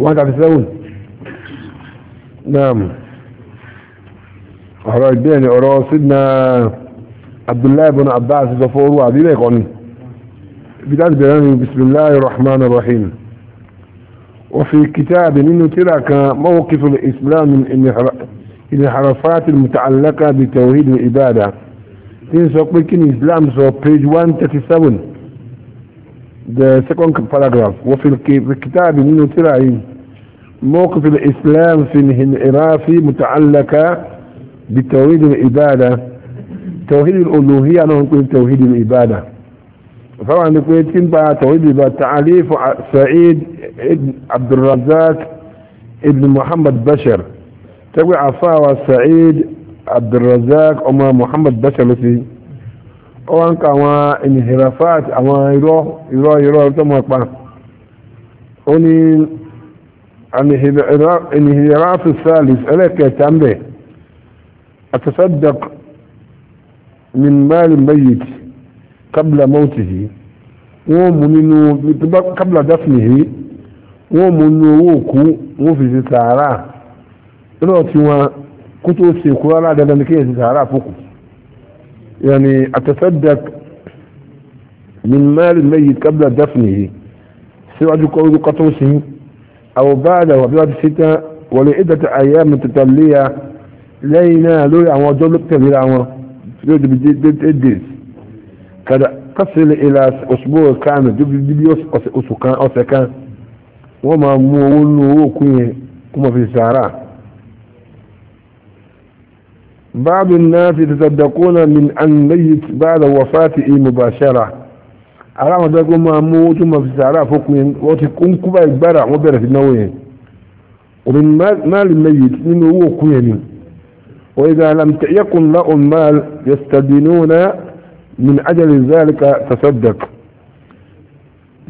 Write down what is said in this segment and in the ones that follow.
واحد عبد الثاون نعم أحرار الدين أرى سيدنا عبد الله بن عباس الزفور وعدي ليك عني بداية بلاني بسم الله الرحمن الرحيم وفي كتاب انه تلك موقف الإسلام من الحرفات المتعلقة بتوحيد الإبادة تنسوا قلت إسلام سوى بيج 137 the second paragraph وفي الكتاب من ترعي موقف الإسلام في انحراف متعلقة بتوحيد العبادة توحيد الألوهية أنا أقول توحيد العبادة طبعا نقول تنبع توحيد العبادة تعليف سعيد ابن عبد الرزاق ابن محمد بشر تقول عفاوة سعيد عبد الرزاق أمام محمد بشر مثل wọ́n ń ka àwọn ìnìhìrafat àwọn irọ́ irọ́ irọ́ tó mọ̀ pa ó ní ìnìhìrafat salis ẹlẹ́kẹta ń bẹ̀ atasaddaq min malin bayit kabla mautihi wọ́n mú nínú kabla dafnihi wọ́n mú nínú owó òkú wọ́n fi sí sàárà lọ́ọ̀ tí wọ́n kó tó ṣe kúrọ́lá dandan ní kéèyàn sí sàárà fókùn يعني أتصدق من مال الميت قبل دفنه سواء قول قطوسه أو بعده وبعد ستة ولعدة أيام متتالية لينا لوي عن وجل كبير عن يود بجد إدريس كذا تصل إلى أسبوع كامل دبيوس أسكان أسكان وما مو ونو كوي كما في السهران بعض الناس يتصدقون من أن ميت بعد وفاته مباشرة ara àwọn tó kún máa mú tó máa fi sàárà fókun wọ́n ti kún kúbà ìgbára wọ́n bẹ̀rẹ̀ sí náwó yẹn òní máàlì mẹ́yì nínú owó òkú yẹn ni wọ́n yìí dáa lam tẹ̀yẹ́kùn láhùn máàl yẹ̀sítàdínú náà min ajali zálika tasadak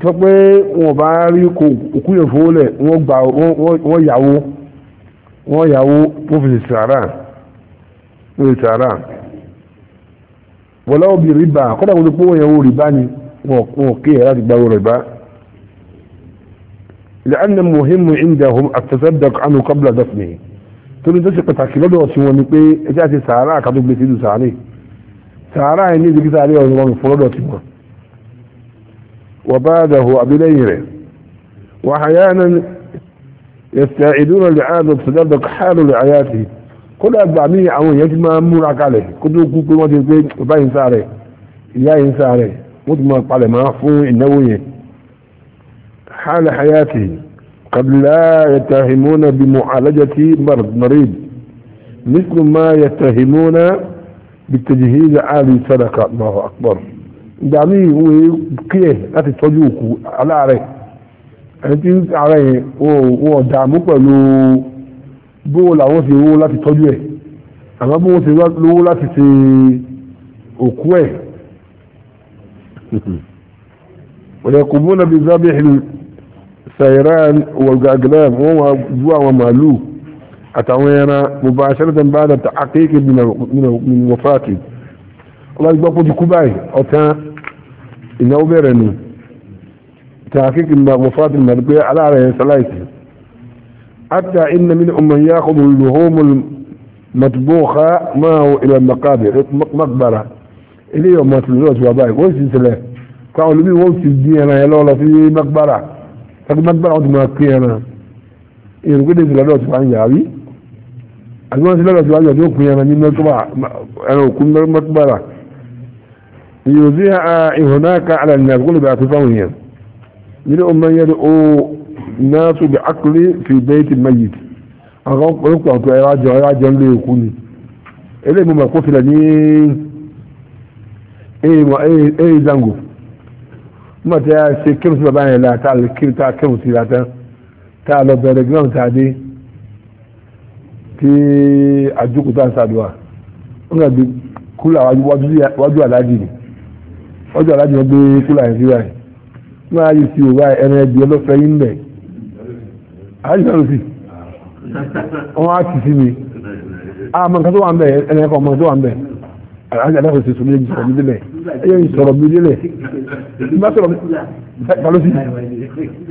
tó pé wọn bá rí kó òkú yẹn fowó lẹ̀ wọ́n yàwó wọ́n yàwó wọ́n fi sàárà. ní sàárà wọ́n láwọn bí rìbá kọ́dà wọ́n ti pọ́ wọ́n yẹn wọ́n rìbá ni wọ́n kí ẹ̀ láti gbáwó rìbá. لأن مهم عندهم التصدق عنه قبل دفنه torí tó ṣe pàtàkì lọ́dọ̀ ọ̀sìn wọn ni pé ẹjẹ́ àti sàárà àkàtó gbèsè ìlú sàárè sàárà ẹni ìdí kí sàárè ọ̀run ọ̀run fún lọ́dọ̀ ti wọn wọ́n bá dàhù àbílẹ̀yìn rẹ̀ wọ́n àyà náà yẹ̀sẹ̀ ìdúró lè àádọ́ sọ́dọ̀ kárò lè àyà tìí kódà gbà mí àwọn èèyàn ti máa ń múra kalẹ̀ kó tó kú pé wọ́n ti pé bàbá yìí ń sá rẹ̀ ìyá yìí ń sá rẹ̀ wọ́n ti máa palẹ̀ máa fún ìnáwó yẹn. hal hayati qad la yatahimuna bi mu'alajati marid mislu ma yatahimuna bi tajhiz ali sadaqa allahu akbar. gbà mí ìwé kíyè láti tọ́jú òkú aláàrẹ̀ ẹni tí ara yẹn wọ́n dààmú pẹ̀lú bó làwọn ti rówó láti tọ́jú ẹ̀ àmọ́ bó wọ́n ti lówó láti ṣe òkú ẹ̀ ويقومون بذبح السيران والأقلام وهو جوا ومالو أتوينا مباشرة بعد التحقيق من من وفاته الله يبقى قد كباي أتا إنه بيرني تحقيق من وفاة المربيع على عليه سلايته حتى إن منهم من يأخذ اللحوم المطبوخة معه إلى المقابر مقبرة إليه يوم ما تلوث وبايك ويسي سلاه قالوا لي ويسي الدينة يلولا في مقبرة فقد مقبرة عد مكينا إن قد يسلالوث وعن جابي أدوان سلالوث وعن جابي وكينا من مقبرة أنا وكنا مقبرة يوزيها هناك على الناس قل بأتفاونيا منهم من يدعو náà tó bí akéré fi bẹ́ẹ̀ ti mẹ́yì àwọn ọ̀pọ̀lọpọ̀ àti ẹ̀rájọ ẹ̀rájọ ń lé òkú ni eléyìí mo mọ̀ kó filẹ̀ ní èyí zango nígbà tí a ṣe kírun bàbá yẹn la tá a lè kírun tá a kírun sí ra tán tá a lọ bẹ̀rẹ̀ gíláàmù tá a dé tí àjókòó tá a ṣàdùà ó ń gbà bí kúlà wájú àlájì ni wájú àlájì wọn gbé kúlà yẹn sí báyìí máa yí sí òwá ẹran ẹgbẹ́ ọlọ́fẹ́ yín bẹ́ẹ̀ àìsàn ló sì wọn á ti sí mi àmọ́ ah, nǹkan tó wà ń bẹ ẹnì kan ọmọ tó wà ń bẹ àti àdáko sì sọmi sọ̀rọ̀ mi délẹ̀ ẹyẹ ń sọ̀rọ̀ mi délẹ̀ nígbà sọ̀rọ̀ mi kalosi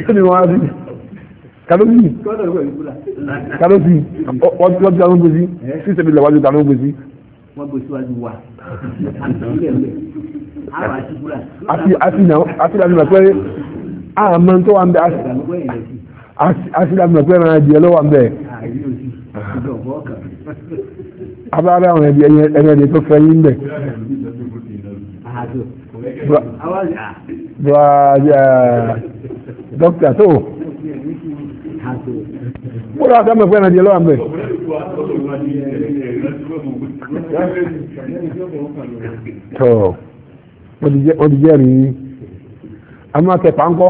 ẹni wọn á sí kalosi kalosi wọn ti wọn ti gbèsè sí sẹbi lọ wájú tàwọn gbèsè. wọn gbèsè wájú wa àti àti àti àti àti àti àti àmọ́ tó wà ń bẹ àti asilamu na pẹ́ẹ́rẹ́ náà di ẹlọ́wà mbẹ́. abára àwọn ẹbí ẹni ẹni tó fẹ́ yín mbẹ́. dókítà tó múra sábà pẹ́ẹ́rẹ́ náà di ẹlọ́wà mbẹ́. tó wọ́n ti jẹ́rìí a máa tẹ̀ pàǹkọ́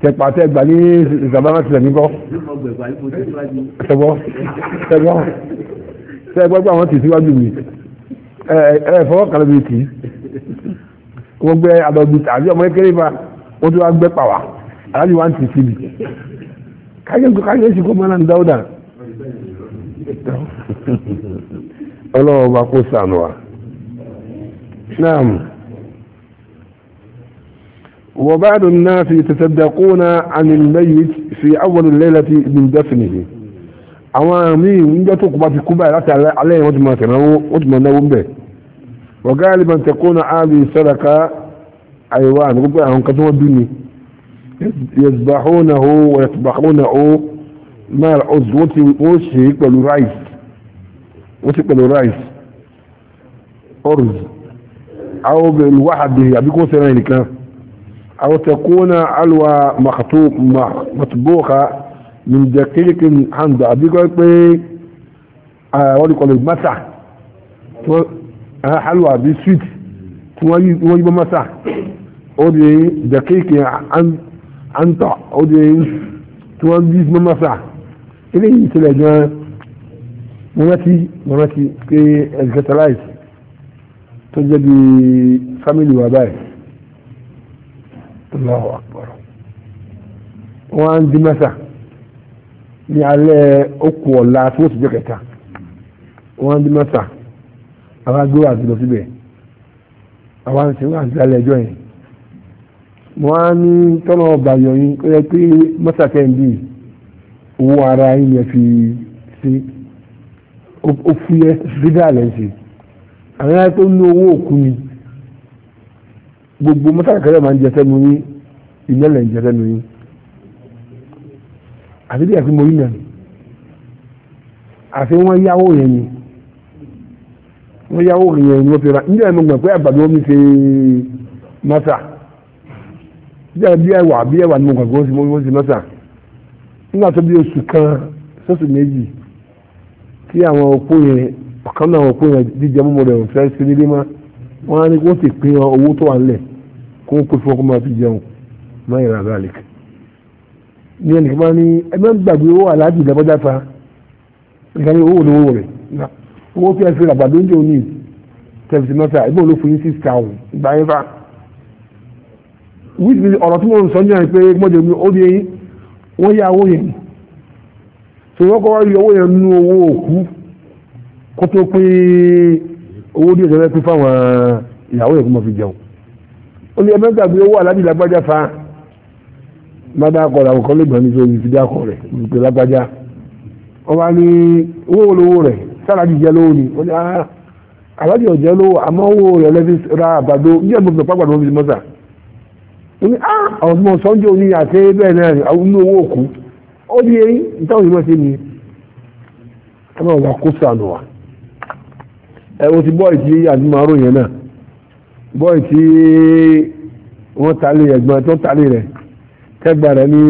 tẹ̀pà tẹ̀ gbà ní ìsàbámà tilẹ̀ níbọ̀ tẹ̀gbọ́ tẹ̀gbọ́ tẹ̀gbọ́ gbà wọ́n ti síwájú mi ẹ̀ fọwọ́ kan lóbi tì í wọ́n gbé adọ́gbé tàbí ọmọ kékeré fa wọ́n ti wá gbé pàwà aláàbí wa ń tì síbi káyọ̀ sí kó mọ́nà ń dáwọ́dà ọlọ́wọ́ bá kó sànù wa. Naam. وبعض الناس يتصدقون عن الميت في أول الليلة من دفنه àwọn míì ń jẹ́ tó kú bá ti kú báyìí láti alẹ́ yẹn wọ́n ti máa tẹ̀lé wọ́n ti máa náwó ń bẹ̀ wọ́gá àlebà tẹ̀kọ́ na àbí sọ́dọ̀ká àyèwà àti gbogbo àwọn kan tí wọ́n bí ni yẹtùbáhónà ó yẹtùbáhónà ó máa ọ̀sùn wọ́n ti wọ́n ṣe é pẹ̀lú ráìs wọ́n ti pẹ̀lú ráìs ọ̀rùs àwọn obìnrin wàhádìí àbíkó sẹ́rẹ̀ nìkan. أو تكون علوى مخطوب مطبوخة من دقيق عند أبيك ويقول أولي قولي مسح حلوى بسويت ويجب مسح أولي دقيق عن أنت أولي توانبيز مسح إليه سلاجان mọ́nàtí mọ́nàtí pé ẹ̀ẹ́dẹ́gẹ́tàláìsì tó jẹ́ bí fámìlì wa báyìí Allahu akbar wọ́n á ń di mẹ́ta ní alẹ́ okù ọ̀la tí wọ́n ti jẹ́ kẹta wọ́n á ń di mẹ́ta àwọn agbéwà ti lọ síbẹ̀ àwọn àti wọ́n àti alẹ́ ẹjọ́ yẹn wọ́n á ní tọ́nà ọba yọ̀yìn ó yẹ pé mẹ́ta kẹ́hìndì owó ara yín yẹn fi sí ó fúyẹ́ dídá àlẹ́ ṣe àwọn yàrá tó ní owó òkú ni gbogbo mọ́tàkàrẹ́ máa ń jẹ sẹ́nu yín iná lẹ̀ ń jẹ sẹ́nu yín àti bí àfi mo rí nàní àfi wọ́n yáwó yẹn ni wọ́n yáwó yẹn ni wọ́n fi ra níjẹ́ ìmọ̀ gbọ̀n pé àgbàdo wọn mi ṣe mọ́tà níjẹ́ bí ẹwà bí ẹwà ni mo gbọ̀n pé wọ́n ṣe mọ́tà nígbà tó bí oṣù kan sọ́sù méjì tí àwọn òpó yẹn ọ̀kan náà òpó yẹn jíjẹ mọ́mọ́ rẹ̀ ò sí nílé mọ́ wọ́n á ní wọ́n ti pín owó tó wà nílẹ̀ kó kó fún ọkọ máa fi jẹun máa yẹra garlic ní ẹnì kan máa ní ẹ máa ń gbàgbé owó aláàjì ìdábọ́já ta nǹkan ní owó olówó rẹ̀ owó fi ẹsẹ̀ àgbàdo oúnjẹ òní tẹ̀sí mẹ́ta ẹgbẹ́ olófin yín six thousand ìgbà yẹn fa wíìsì ọ̀rọ̀ tí mo ń sọ ní àná pé mọ́jọ mi ó di wọ́n yá owó yẹn tó wọ́n kọ́ wá rí owó yẹn nú owó òkú kó tó pé owó díẹ̀ tó fẹ́ pín fáwọn ìyàwó yẹn kó máa fi jẹun ó ní ẹgbẹ́ gbàgbé owó aláàbí lágbájá fa mádà kọ̀ làwọn kan lè gbà nítorí omi fìdí akọ rẹ̀ olùkọ́ lágbájá ọba ní owó olówó rẹ̀ sáláàjì jẹ́ lówó ni ó ní ah, aláàjì ọ̀jẹ́ lówó àmọ́ owó rẹ̀ lẹ́fi ra àbàdo ní ẹ̀gbọ́n mi pàgbà lómi mọ́tà ó ní ah, àwọn tí mo sọ ń jẹ́ òní àti bẹ́ẹ̀ náà ní àwọn owó òkú ó ní eyín ìtàwọn ìmọ̀ sí mi ẹ máa wà kó sànù wa ẹ o ti bọ́ ìdílé àti bọ́ì tí wọ́n tàlé ẹ̀gbọ́n tó tàlé rẹ̀ kẹgbà rẹ̀ ní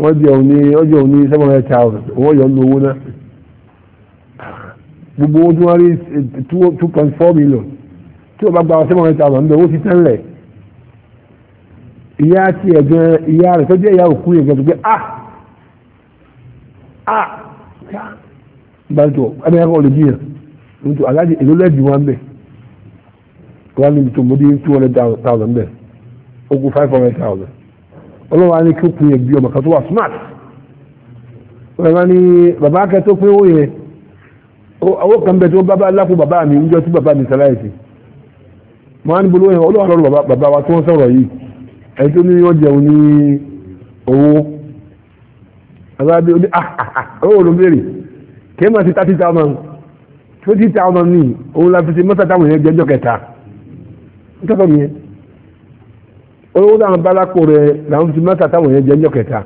wọ́n jẹ́ òun ní ọjọ́ òun ní seven hundred thousand owó yọ̀ nínú owó náà gbogbo owó tí wọ́n rí two point four million tí wọ́n bá gba seven hundred thousand níbẹ̀ owó ti tán lẹ̀ ìyá tí ẹ̀gbọ́n ìyá rẹ̀ tó jẹ́ ìyá òkú yẹn gẹ́gẹ́ pé ah ah bá ń tọ̀ ẹ̀mí ẹ̀kọ́ lè bí yàn ń tọ̀ aláàjì èlò lẹ́ẹ̀dì wọn bẹ́ẹ̀ wọ́n níbi tó mo dín two hundred thousand bẹ́ẹ̀ ó kú five hundred thousand ọlọ́wọ́ á ní kí ó pin ẹ̀gbí ọmọ kan tó wà smart wọ́n máa ní bàbá akẹ́ tó O ó yẹ owó kan bẹ tó bàbá lápò bàbá mi níjọ́ tí bàbá mi sàláìsì wọ́n á ní bolówó yẹn ọlọ́wọ́ lọ́rọ̀ bàbá wa tí wọ́n sọ̀rọ̀ yìí ẹni tó ní yọ jẹun ní owó bàbá bí ó ní ah, ah, ah, owó ló ń béèrè kí ẹ máa ti thirty thousand twenty thousand ni òun la fi ṣe mọ́tà táwọn jẹ́jọ́ kẹta tọ́tọ̀ mi yẹn olówó táwọn balako rẹ̀ làwọn ti mẹ́ta táwọn yẹn jẹ́ ńjọ kẹta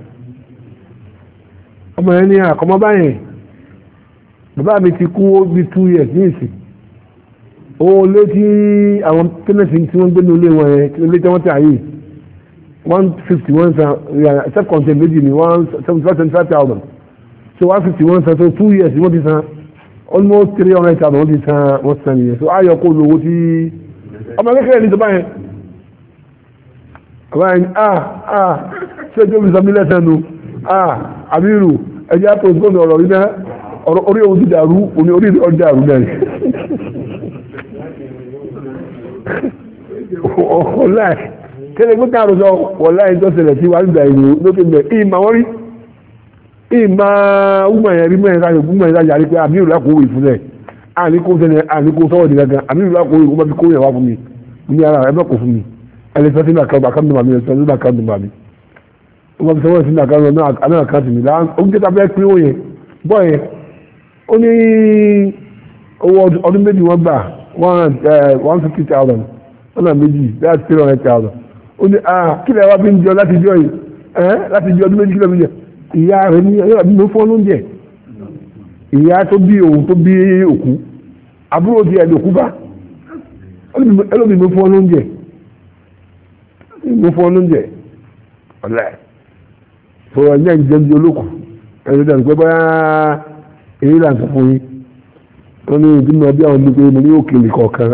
ọmọ yẹn ní àkọ́mọ́ báyẹn bàbá mi ti kú ó two years ní ìsìn owó lé tí àwọn tẹ́lẹ̀sì tí wọ́n gbé ní olé wọn yẹn tí tí wọ́n tẹ̀ àyè one fifty one san self contained méjì ni one seventy five seventy five thousand so one fifty one san so two years wọ́n ti san almost three hundred thousand wọ́n ti san wọ́n san nìyẹn so ayọ̀ kó lówó tí ọmọ kékeré ní ìjọba yẹn ọmọ yẹn ah ah ṣé ìjọba ìsàmì lẹ́sẹ̀ nu ah amiru ẹ̀jẹ̀ àpò ìsìnkú ọ̀rọ̀ rí náà ọ̀rọ̀ orí òun ti dàrú òní orí ọ̀rọ̀ dàrú náà ọ̀láì tẹ́lẹ̀ gbé káàrọ̀ sọ ọ̀láì tó ṣẹlẹ̀ sí wàá gbà ìlú lókè mẹ́ ìmà wọ́n rí ìmà wúmọ̀ yẹn rí mẹ́rin láyọ̀ wúmọ̀ yẹn láyọ̀ àríkẹ́ àmì ìrọ̀lá kò wù ìfúnlẹ̀ àníkó tẹ́lẹ̀ àníkó sọ́wọ́ di gangan àmì ìlú àkóyè kó bá fi kóyè wá fún mi mo ní ara rẹ̀ bẹ́ẹ̀ kó fún mi ẹlẹ́fẹ́ sínú àkàndùn àkàndùn bàmí ẹ̀sọ́ sínú àkàndùn bàmí ó bá fi sọ́wọ́ sínú àkàndùn àmì àkàndùn mi láà ó ń jẹ́ta bẹ́ẹ̀ pín òye bọ́ yẹn ó ní owó ọdún méjì wọ́n gbà one fifty thousand ọ̀nà méjì that's three hundred thousand ó ní ah, kí lè wá bí ń jọ láti jọ yìí láti jọ ọdún méjì kí lè fi jẹ ìyá rẹ̀ ní ìyá rẹ̀ ní mo fọ́ lóúnjẹ ìyá tó bí òun tó bí òkú àbúrò di ẹ̀dùn kúbá ẹlòmí ló fún ọ lóúnjẹ ló fún ọ lóúnjẹ ọ̀la sọ̀rọ̀ ní ẹ̀jẹ̀ di olókùn ẹ̀jẹ̀ dànù pé báyà èyí là ń sọ fún yín wọ́n ní ìdí mi ọbí àwọn mo ní òkèlè kọ̀ọ̀kan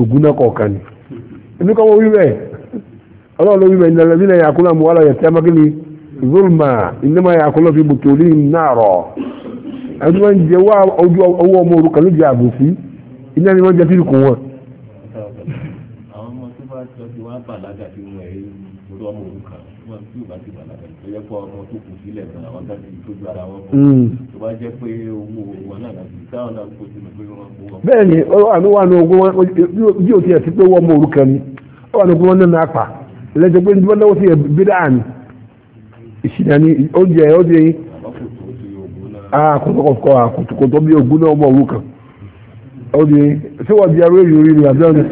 ògùn náà kọ̀ọ̀kan ni èmi kọ́ ọlọ́run ló nílẹ̀ zulma fi ẹni ń jẹ owó iná ni wọ́n jẹ fífi kún wọn. àwọn ọmọ tó bá jọ ti wá bàlágà tí wọn rí lórí ọmọ òrukàn wọn tí ò bá ti bàlágà tó yẹ hmm. jẹ́ pé owó wọ́n bẹ́ẹ̀ ni àmì wà ní ogún wọn bí o tiẹ̀ ti pé wọ́n mọ òrukàn ni ó wà ní ogún wọn náà náà lẹ́jọ́ pé níbi wọn náà wọ́n ti yẹ ni ìṣìnà ni oúnjẹ oúnjẹ yìí. àbákòtò ti bí ogún náà ah, mọ òrukàn òdì tí wọ́n di ẹrú èyí orí ni àbí ọ̀dẹ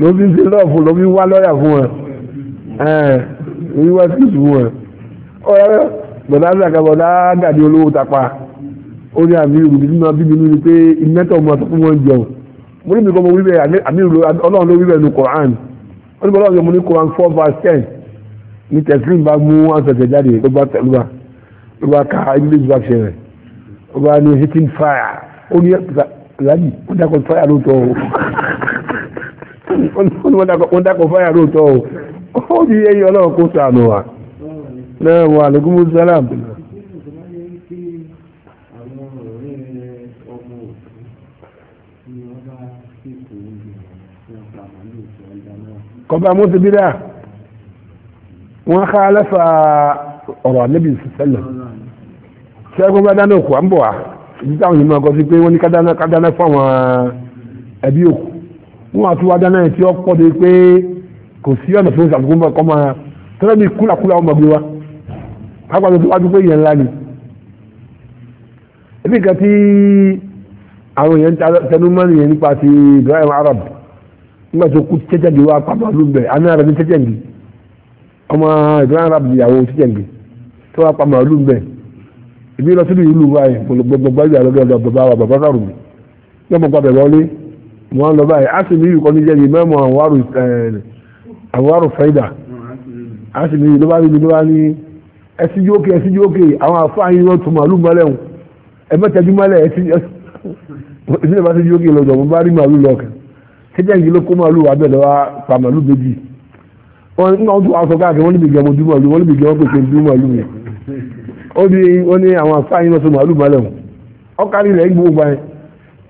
ló fi ṣe lọ́ọ̀fù ló fi wá lọ́ọ̀yà fún ẹ ẹ ló fi wá sí ìṣubú ẹ ọ̀rẹ́ bọ̀dá àgbà bọ̀dá gàdí olówó tapa ó ní àmì ìrù nínú abí mi ní pé ìmẹ́tọ̀ ọmọ àtọ́kùn wọn jẹun mo níbi kan mo wí bẹ́ẹ̀ àmì ìrù ọlọ́run ló wí bẹ́ẹ̀ nu Quran ó ní bọ́lá ọ̀yọ́ mo ní Quran four verse ten ní tẹ̀sílìm bá mú àṣẹ̀ṣẹ̀ jáde ló bá tẹ̀lú wa ló bá ka English version. ṣẹlẹ̀ ọba ní hitting fire ó ní lábì wọ́n dákọ̀ fire lóòótọ́ o wọ́n dákọ̀ fire lóòótọ́ o ó di ẹyẹ ọlọ́run kó sànù wa náà wà lókùnmù sálàm. kọba mọ́tò bí dáa wọ́n ká aláfa ọ̀rọ̀ àlẹ́bí sẹ́lẹ̀ sẹ́gun bá dáná òkú à ń bọ̀ wá ibi táwọn yìí máa kọ sí pé wọ́n ní ká dáná fáwọn ẹbí òkú wọ́n àti wá dáná yẹn tí wọ́n pọ̀ de pé kò sí ọ̀nà fún ìsàkóso máa kọ́ máa tẹ́lẹ̀ mi kúlàkúlà ọmọ gbé wa pápákọ̀ tó wájú pé ìyẹn ńlá ni. ebi nǹkan tí àwọn èèyàn tẹnu mọ́ nìyẹn nípa ti Ibrahim Arab nígbà tó kú tẹ́tẹ́ǹgì wa pàpà ló bẹ̀ àná rẹ̀ ní tẹ́tẹ́ǹgì Arab ìyàwó tẹ́tẹ́ǹgì tó wá pàmò àlùbẹ̀ ìbí lọ sílùú ìlú báyìí gbogbo ìyá lọ́dọ̀ bàbá wa bàbá náà rùmí yóò mọ̀ padà wọlé wọn lọ báyìí asìmí yìí kọ́ni jẹ́ ìmọ̀ọ́mọ̀ àwárò fẹ́dà asìmí yìí ló bá níbi ló bá ní ẹsí jókè ẹsí jókè àwọn afáàyìn wọn tún màálù mọ́lẹ̀ wọn ẹ mẹ́tẹ́jú mọ́lẹ̀ ẹsí ẹsí ló bá sí jókè lọ́dọ̀ mo bá rí màálù lọ́kẹ́ tẹ́jà ìgbìló kó màálù wà bẹ́ẹ̀ lọ́wọ́ pa màálù méjì wọn ń gbà wọn tún wà sọ káàkiri wọn níbi gẹ̀ mo dú màálù wọn níbi gẹ̀ wọn pèsè dú màálù yẹn ó ní wọ́n ní àwọn afáyín náà tó màálù malẹ̀ wọn ọkàlì rẹ̀ ń gbogbo báyìí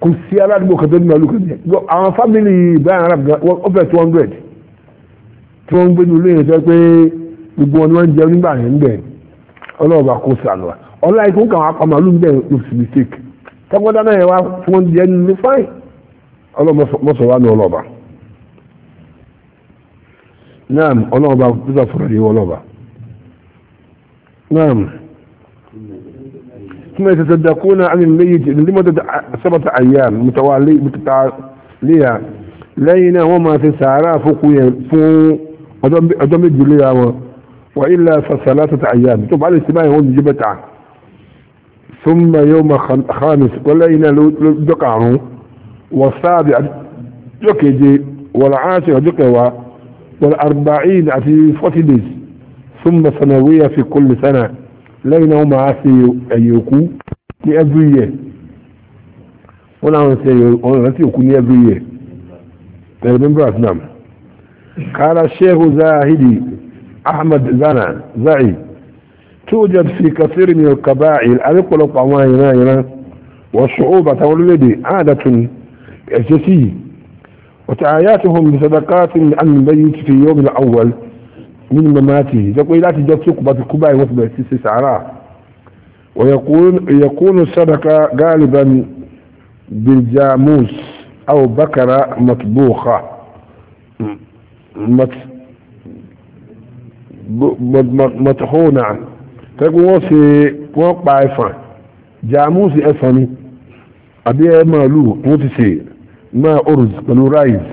kò sí aládùúgbò kan tó ní màálù kan jẹ àwọn fámìlì Ibrahim Arab ó fẹ́ two hundred tí wọ́n ń gbé ní olóyè sọ pé gbogbo wọn ni wọ́n ń jẹun nígbà yẹn ń bẹ̀ ọlọ́ọ̀bà kò sànù wa ọlá ikú kan apá màálù ń bẹ̀ ló sì mistake tọ́gbọ́dá náà yẹn wá fún oúnjẹ nínú fáìn ọlọ́mọsọ̀ wa ní ọlọ́ọ̀bà ثم يتصدقون عن الميت لمدة سبعة أيام متوالية متتالية لينا وما في سارة فوقيا فوق أدم الجلية وإلا فثلاثة أيام طبعا الاستماع هو جبتع ثم يوم خامس ولين دقعه والسابع دقجي والعاشر دقوا والأربعين في فتدس ثم سنوية في كل سنة lẹ́yìn náà wọ́n máa ṣe ẹ̀yẹ òkú ní every year wọ́n náà ń ṣe ìrántí òkú ní every year the remembrance nam kala sheikh zahidi ahmad zana zai توجد في كثير من القبائل أذكر لك عوائنا هنا والصعوبة والذي عادة أساسية وتعاياتهم بصدقات عن البيت في يوم الأول nínú mamati jẹ́ pé láti jọ tí ó kù bá ti kú báyìí wọ́n ti bẹ̀rẹ̀ sí ṣe sàárà ويكون الصدقة غالبا بالجاموس أو بكرة مطبوخة مطحونة تقول wọ́n ṣe wọ́n pa ẹ̀fàn jàmúsì ẹ̀fàn ni àbí ẹ̀ màálù wọ́n ti ṣe máa orùs pẹ̀lú ráìs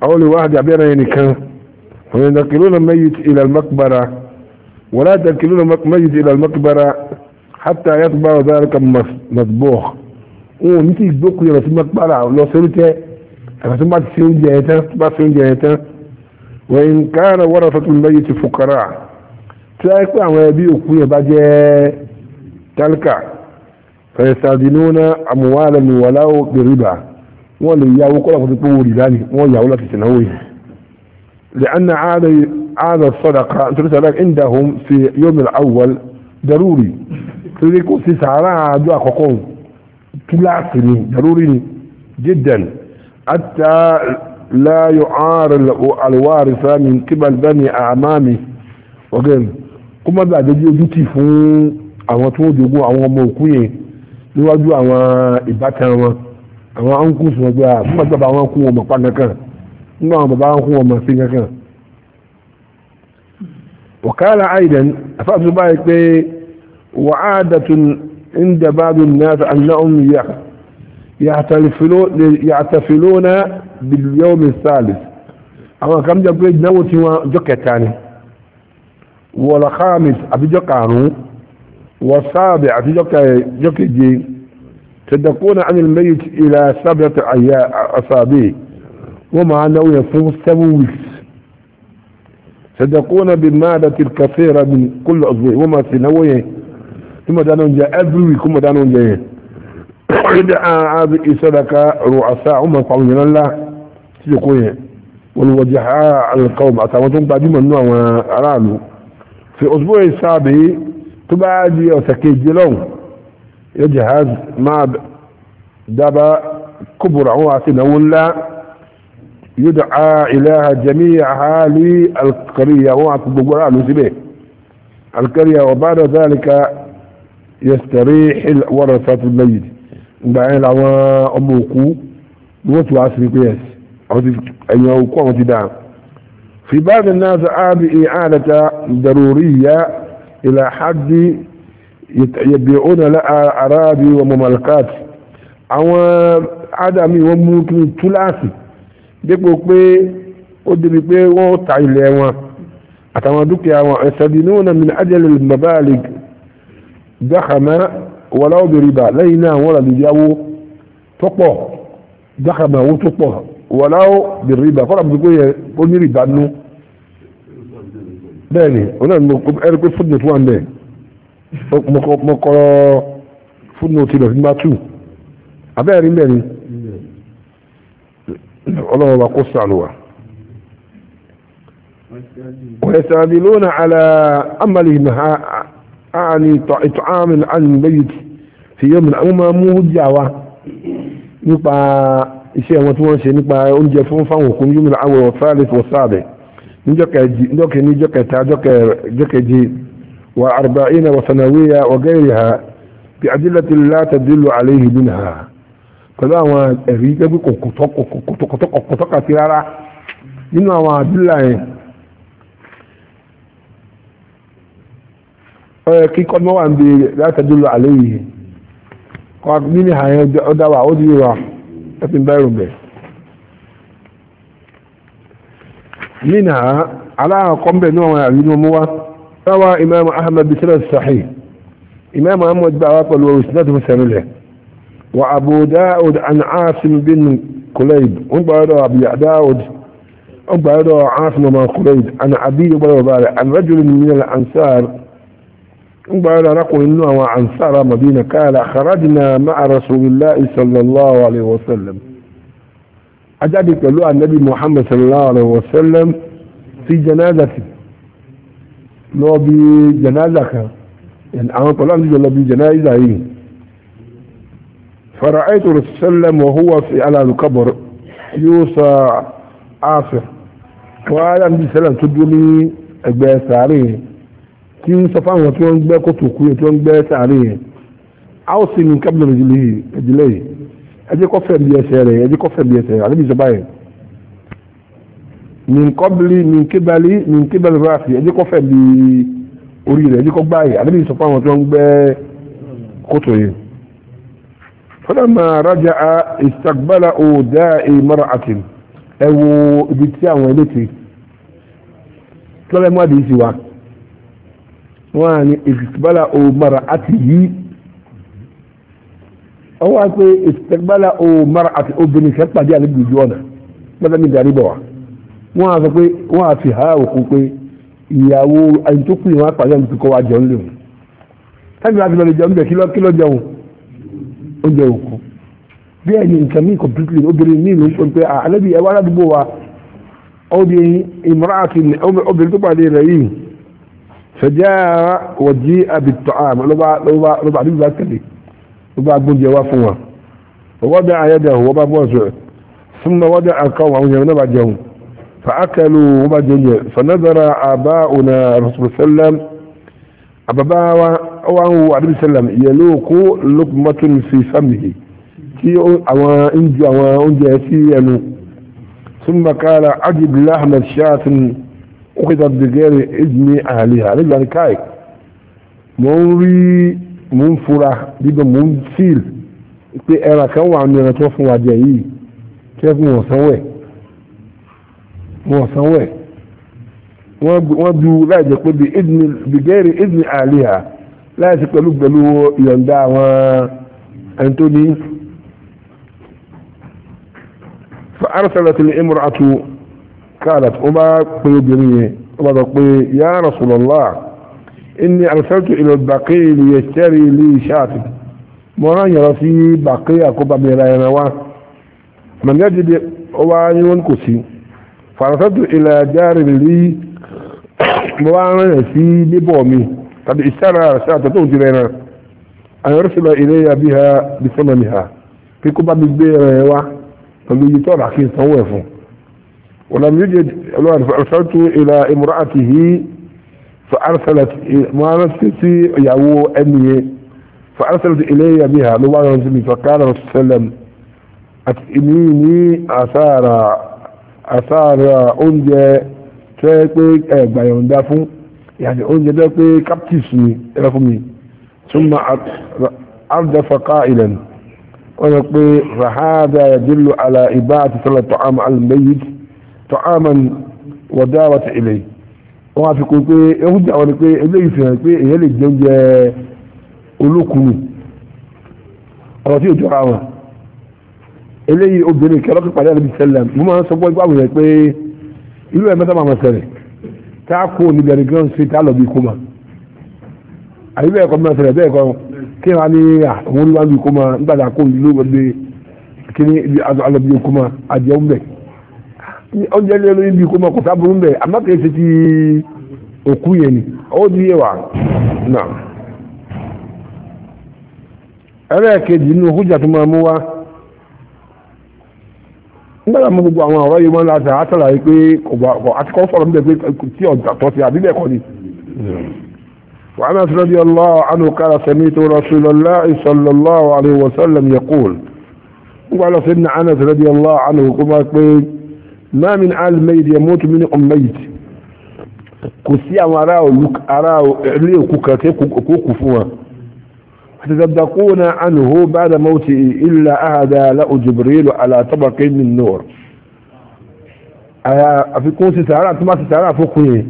àwọn olùwádìí àbí ẹ̀rọ yẹn وينقلون الميت إلى المقبرة ولا تنقلون الميت إلى المقبرة حتى يطبع ذلك مطبوخ òun ní tí ìgbókùn yẹn lọ sí mọ́kpárà lọ sórí tẹ àgbà tó bá ti ṣeun jẹ yẹn tán tó bá ṣeun jẹ yẹn tán wọ́n ń kára wọ́n rọ̀tọ́ tó ń lọ́yẹ̀ ti fòkàrà tí wọ́n pẹ́ àwọn ẹbí òkú yẹn bá jẹ́ tálíkà fẹ̀sàdínúnà àmúwálẹ̀ nìwọ̀láwọ̀ gbèrìbà wọ́n lè yáwó kọ́lá fún ti pé wò rí lánìí wọ́n yáwó láti ṣèlówó yẹn. لأن هذا هذا الصدقة ترسل عندهم في يوم الأول ضروري تريكو في سعراء دعا قوقون تلعصني ضروري جدا حتى لا يعار الوارثة من قبل بني أعمامه وقال كما بعد جيو جوتي فون àwọn tó jogún àwọn ọmọ òkú yẹn níwájú àwọn ìbátan wọn àwọn ankus wọn gbé àfúnmọ́tàbà àwọn kú wọn nígbà wọn bàbá wọn kún wọn mọ̀ sí kankan wàkàlà àìdàn afáàbí báyìí pé wàádàtún inda báàbí náà annahum yàtàfilóna bilyomi salis àwọn kan jẹ́ pé náwó tí wọ́n jọ kẹta ni wọ́lá khamis àbíjọ karùn-ún wọ́sáàbì àbíjọ keje tẹ̀dẹ̀kúnà anil mayit ila sábẹ̀tẹ̀ àyà asabi wọ́n máa náwó yẹn fún seven weeks sadakuna bi maada ti kafeera min kulli ọ̀sẹ̀ wọ́n máa sì náwó yẹn tí mo dáná oúnjẹ every week mo dáná oúnjẹ yẹn ìdí àábí ìsọdaka rò àṣà wọ́n máa pa òyìnbó ńlá tí yòókù yẹn wọ́n wọ́jà ha alqawm àtàwọn tó ń gbajúmọ̀ nínú àwọn aráàlú fi ọ̀sùnbó yẹn sáàbì tó bá di ọ̀sẹ̀ kejì lọ́hùn yóò jẹ́ ha máa dábàá kóbòrò àwọn àti ìnáwó ńlá يدعى إلى جميع أهالي القرية وعطبقوا له سبيه القرية وبعد ذلك يستريح ورثة الميت بعين لما أموكو نوتوا عسري قياس أن يوقوا وتدعم في بعض الناس عاب إعانة ضرورية إلى حد يبيعون لها أراضي ومملكات أو عدم وممكن تلاسي dípò pé ó débi pé wọ́n ta ilẹ̀ wọn àtàwọn dúkìá wọn ẹ̀sẹ̀dínúnà min ajẹ́lẹ̀ mabalig dákàmá wọlá obìnrin bá lẹ́yìn náà wọ́n lọ́dún yáwó tó pọ̀ dákàmá owó tó pọ̀ wọlá obìnrin bá kọ́ra bí pé ó ní rìbá nú bẹ́ẹ̀ ni ó náà ẹni pé fúdùnú tó wà ń bẹ̀ mọ́kọ́rọ́ fúdùnú ti lọ sí mbá tù abẹ́rẹ́ ń bẹ̀ ni ọlọ́wọ́ bá kó sànù wa. ويستدلون على عملهم عن إطعام عن الميت في يوم الأمة موجعة nípa iṣẹ́ wọn tí wọ́n ṣe nípa oúnjẹ fún fáwọn òkú yóò mìíràn àwọn ọ̀fáàlẹ̀ fún sáàbẹ̀ níjọ́kẹ̀ ní jọ́kẹ̀ ta jọ́kẹ̀ jí wa arba'ina wa sanawiya wa gairiha bi adillati la tadillu alayhi minha pẹ̀lú àwọn ẹ̀rí gẹ́gbẹ́ kòkòtọ́kòtọ́kà sí rárá nínú àwọn àdúrà yẹn ọ̀rẹ́ kíkọ́ ni wà ń bi látàdé lọ àlẹ́ yìí kọ́ nínú àyẹn ọ̀dà wà ó di wà ẹ̀sìn bẹ́ẹ̀rù bẹ̀. nínú aláàkọ́ ń bẹ̀ àrí ni wọ́n mú sáwà imam ahmed bisirah sahih ahmed bá wa pẹ̀lú òsínà tó fi sẹ́nu lẹ̀. وأبو داود عن عاصم بن كليب أبو أبي داود أبو عاصم بن كليب عن أبي بارع عن رجل من الأنصار أبو رقم إنه وأنصار مدينة قال خرجنا مع رسول الله صلى الله عليه وسلم اجاب له النبي محمد صلى الله عليه وسلم في جنازته لو كان يعني أنا طلعت لي لو بجنازة هي فرأيت رسلم وهو في على القبر يوسى عاصر وعلى النبي صلى الله ẹgbẹ́ sàárè tí ń sọ fáwọn tí wọ́n ń gbẹ́ kòtòkú yẹn tí wọ́n ń gbẹ́ sàárè yẹn a ó sì ní kábílẹ̀ ìdílé yìí ẹjẹ́ kọ́ fẹ̀ bí ẹsẹ̀ rẹ̀ ẹjẹ́ kọ́ fẹ̀ bí ẹsẹ̀ rẹ̀ àlébi ìjọba yẹn ní kọ́bílì ní kébàlì ní kébàlì ráàfì ẹjẹ́ kọ́ fẹ̀ bí orí rẹ̀ ẹjẹ́ kọ́ gbáyé àlébi ìsọfáwọn tí wọ́n ń gbẹ́ kòtò yẹn. فلما رجع استقبله داعي مرأة أو بيتيا ولتي كلام وادي سوا وان استقبله مرأته أو أقول استقبله مرأة أبني كتبا دي على بيجونا ماذا من داري بوا وان أقول وان فيها ها وقول ìyàwó ẹni tó kú ìwọ̀n apàdé àti kọ́ wa jẹun lè wọ́n tábìlì àti lọ́ọ́ ó jẹ òkú bí ẹni nǹkan mi completely obìnrin mi ló ń pè pé àlẹ́bí ẹwà aládùúgbò wa obìnrin ìmọ̀ráàtì obìnrin tó pàdé rẹ̀ yìí fẹ̀jẹ̀ ara wọ̀jí àbìtọ̀ àmọ́ ló bá àdúgbò bá tẹ̀lé ló bá gbóúnjẹ wá fún wa wọ́n dá ayẹ́dẹ̀ wọ́n bá bọ́ ọ̀sẹ̀ ثم وضع القوم عن جميع بعدهم فأكلوا وبعدهم فنظر آباؤنا رسول الله أباباوا wá ń wo àdúgbò sẹlẹm yẹlò kó lókùnmọ́tò fi fámìlì tí àwọn oúnjẹ àwọn oúnjẹ sí ẹnu ثم قال عجب لحم الشاة أخذت بغير إذن أهلها لله كايك موري منفرة بيبا منسيل pé ẹran kan wà ní ẹran tó fún wa jẹ yìí tí wọ́n sanwó ẹ̀ wọ́n sanwó ẹ̀ wọ́n du láì jẹ́ pé bí gẹ́rì ìdìní àlìyà láìsí pẹ̀lú pẹ̀lú ìyọ̀ǹda àwọn ẹni tó ní. فأرسلت الامرأة قالت أما قيدرية أما يا رسول الله إني أرسلت إلى البقيع ليشتري لي شاة موران يرسي بقيع كوبا ميراينوا من يجد أواني ونكسي فأرسلت إلى جار لي موران يرسي ببومي قد اشترى ساعة تؤتي لنا أن يرسل إلي بها بثمنها في كباب البير يوا فلو يطلع كي يصوفه ولم يجد فأرسلت إلى امرأته فأرسلت ما نسيتي يعو أمي فأرسلت إلي بها لو أنا فقال رسول الله وسلم أتئنيني أثار أثار أنجي تيكوك أبا يندفو يعني اوجه ده كابتسني رقمي ثم اردف قائلا ونقول فهذا يدل على اباعة صلى طعام على الميت طعاما ودعوة اليه وافق يهدع ونقول اليه فيها يهل الجنجة ولوكني ورسيه طعاما اليه ابنك رقب عليه ربي السلام مما نصبوا يقعوا يقول يقول يقول يقول يقول tá a kó níbi ẹni grand street á lọ bí kóma àbí bẹ́ẹ̀ kọ́ mẹ́sẹ̀rẹ̀ bẹ́ẹ̀ kọ́ kí wọ́n á ní àwọn olúwa n kóma nígbà tá a kó ìlú gbẹdẹ kí ni alọ kò ṣe ti òkú yẹn ni di yé wa náà nínú wa. nígbàdà mú gbogbo àwọn ọ̀rọ̀ yìí wọ́n láti àtàlàyé pé àtikọ́ sọ̀rọ̀ níbẹ̀ pé tí ọ̀dà tọ́ sí àbíbẹ̀ kọ́ ni. وعنس رضي الله عنه قال سميت رسول الله صلى الله عليه وسلم يقول وعلى سيدنا انس رضي الله عنه كما ما من آل ميت يموت من أم ميت كسي أراو لك أراو ليو كوكاتي كوكفوها تتصدقون عنه بعد موته إلا أهدى له جبريل على طبق من نور àfikún sí sàárà tó bá sí sàárà fókun yẹn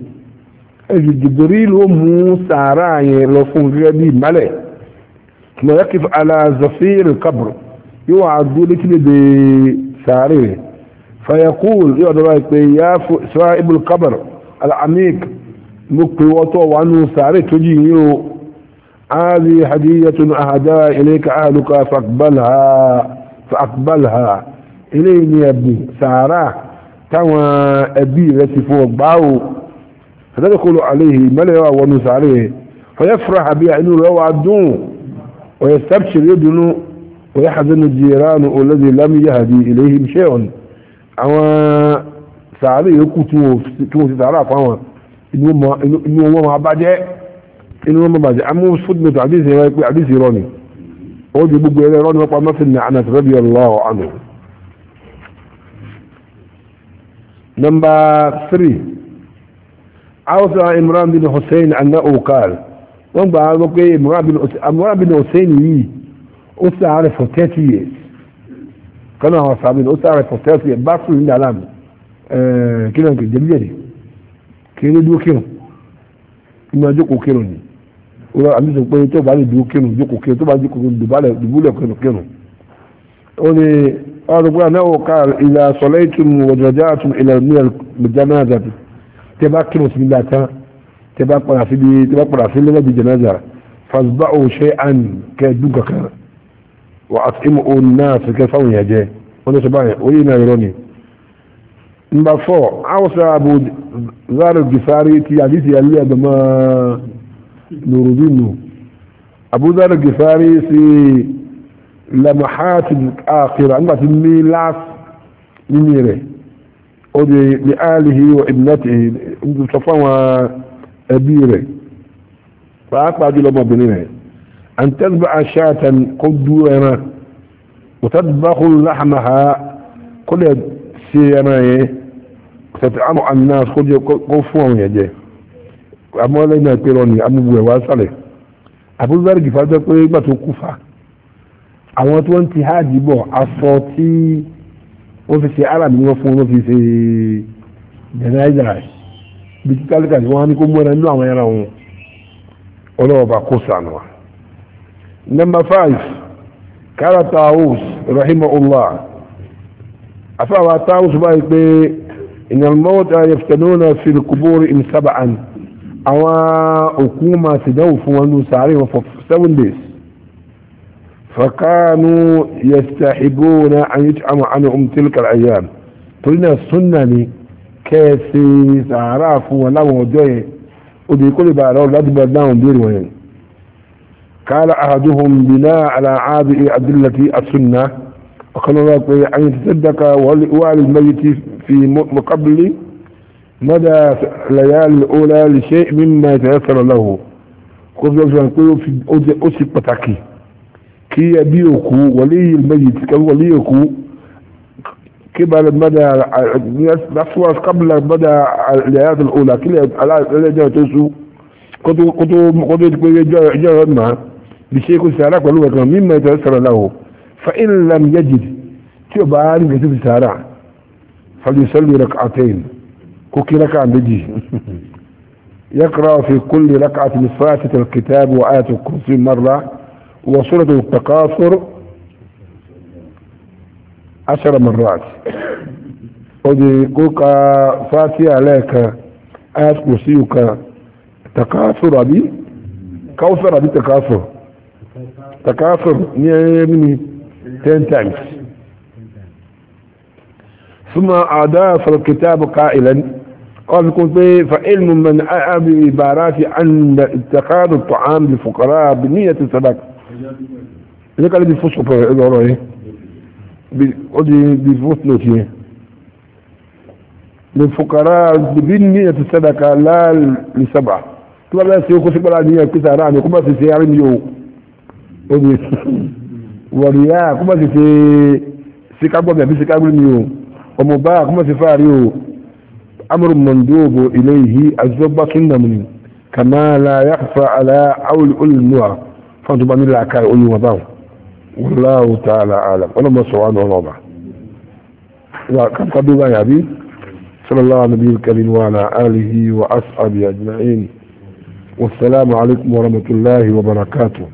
ẹ̀jù jìbìrí ló mú sàárà yẹn lọ fún gẹ́gẹ́ bí ìmálẹ̀ mọ̀lẹ́kì alazọ́fíìrì kábùrù yóò wà dúró létí lédè sàárè rẹ̀ fayakul yóò dọ́ba pé yá sọ́ ibùl kábùrù alamik mo pè wọ́tọ̀ wà nù sàárè tó jì yín o هذه هدية أهداها إليك أهلك فاقبلها فأقبلها إليني يا ابني سارة توا أبي التي فوق باو فتدخل عليه ملئ ونس عليه فيفرح بها إنه لو عدوه ويستبشر يدنو ويحزن الجيران الذي لم يهدي إليهم شيء أما سارة يكو توفي سارة فهو إنه ما بعده inú wọn bàjẹ́ amú fúdùmí tó àdìsí rẹ pé àdìsí rọ ni ó di gbogbo ẹrẹ rọ ni wọn pa mọ́fìn ní Anas radiyallahu anhu. number three awusa Imran bin Hussein annahu qala wọ́n gbà wọ́n pé Imran bin Hussein yìí ó sàárẹ̀ for thirty years kánú àwọn sàbẹ̀ ó sàárẹ̀ for thirty years bá fún ìdá aláàmì kí ló ń kí jẹ́bíjẹ́dì kí ló dúró kírun ìmọ̀ ọjọ́ kò kírun ni wọ́n àmì sọ pé tó bá lè dúró kírun jókòó kírun tó bá jókòó kírun dùbálẹ̀ dùbúlẹ̀ kírun kírun. ó ní ọ̀rọ̀ pé àná wò ká ìlà sọ̀lẹ́ ìtum wọ̀dọ̀dá àtum ìlà janaza tẹ bá kírun sí ilé àtá tẹ bá padà sí tẹ bá padà sí lẹ́gbẹ̀ẹ́ di janaza fasba o ṣe àn kẹ dùn kankan wà á ti mú o náà sí kẹ fáwọn yẹn jẹ wọ́n ní sọ báyẹn ó yé náà yọrọ nurudin nù abudar gifari sí lamahat akira nígbà tí ní last nínú rẹ̀ ó di ní alihi wa ibnatihi ń sọ fáwọn ẹbí rẹ̀ pàápàá jùlọ ọmọbìnrin rẹ̀ an tẹ́sbà aṣáàtà kó dúró ẹran وتذبح لحمها كل سيما تطعم الناس كل قفوة يجيه amọ́lẹ́yìn náà pé rọ́ọ̀nì amúgbò ẹ̀ wá sálẹ̀ àbúrúdárì gìfà jẹ́ pé nígbà tó kú fa àwọn tó ń ti hajj bọ̀ aṣọ tí wọ́n fi ṣe aláàmì wọn fún wọn fi ṣe jẹnáìjà bí tí kálíkà tí wọ́n á ní kó mọ́ra nínú àwọn ẹran wọn ọlọ́ọ̀bà kó sànù wa. nọmba five kára taus rahimahullah afáwa taus báyìí pé ìnàlmọ́wọ́ta yẹfẹ̀ náà fi kúbórí ìmùsábà àná. awa hukuma máa ti dáwò fún wọn ní sàárè wọn for seven days fàkánú yẹ̀sítàhìbó na àyíkí àmà àmì omtilkar ayyam torí náà súnà ni si tsara fún wọn láwọn ọjọ́ ya odò kuli bá rọ láti bá na wani wani biyar kala a dáhùn béèrè wọn yẹn قال أحدهم بناء على عابئ أدلة السنة وقال الله أن يتصدق والميت fi mukabbali مدى الليالي الأولى لشيء مما يتيسر له كيف يقول في أسي بتاكي كي يبيعكو ولي الميت كان وليكو كبر مدى نفسه قبل مدى الليالي الأولى كلا جاء تسو كتو كنتو كنتو جاء جاء ما لشيء كنت سعرك ولو مما يتيسر له فإن لم يجد تبعان كتب سعرك فليصلي ركعتين كوكي ركعة بجي يقرأ في كل ركعة من فاتحة الكتاب وآية الكرسي مرة وسورة التكاثر عشر مرات ودي كوكا فاتي عليك آية كرسيك تكاثر أبي كوثر أبي تكاثر تكاثر يعني 10 تانس ثم أعداء في الكتاب قائلا قال يكون فعلم من أعب عبارات عن اتخاذ الطعام للفقراء بنية السبك إذا قال دي فسق بإدارة دي فسنوتي للفقراء بنية السبكة لا لسبعة طلب لا سيوكو في بلادية كتا راني كما في سيارة ودي ورياء كما في سيكاغو في سيكاغو ميو ومباك كما في فاريو أمر مندوب إليه الزبا سنة كما لا يخفى على أول ألمها فانتبع من الله كاي أولي وضعه والله تعالى أعلم ولما سبحانه وضع كم قدوا يا أبي صلى الله على نبي الكريم وعلى آله وأصحابه أجمعين والسلام عليكم ورحمة الله وبركاته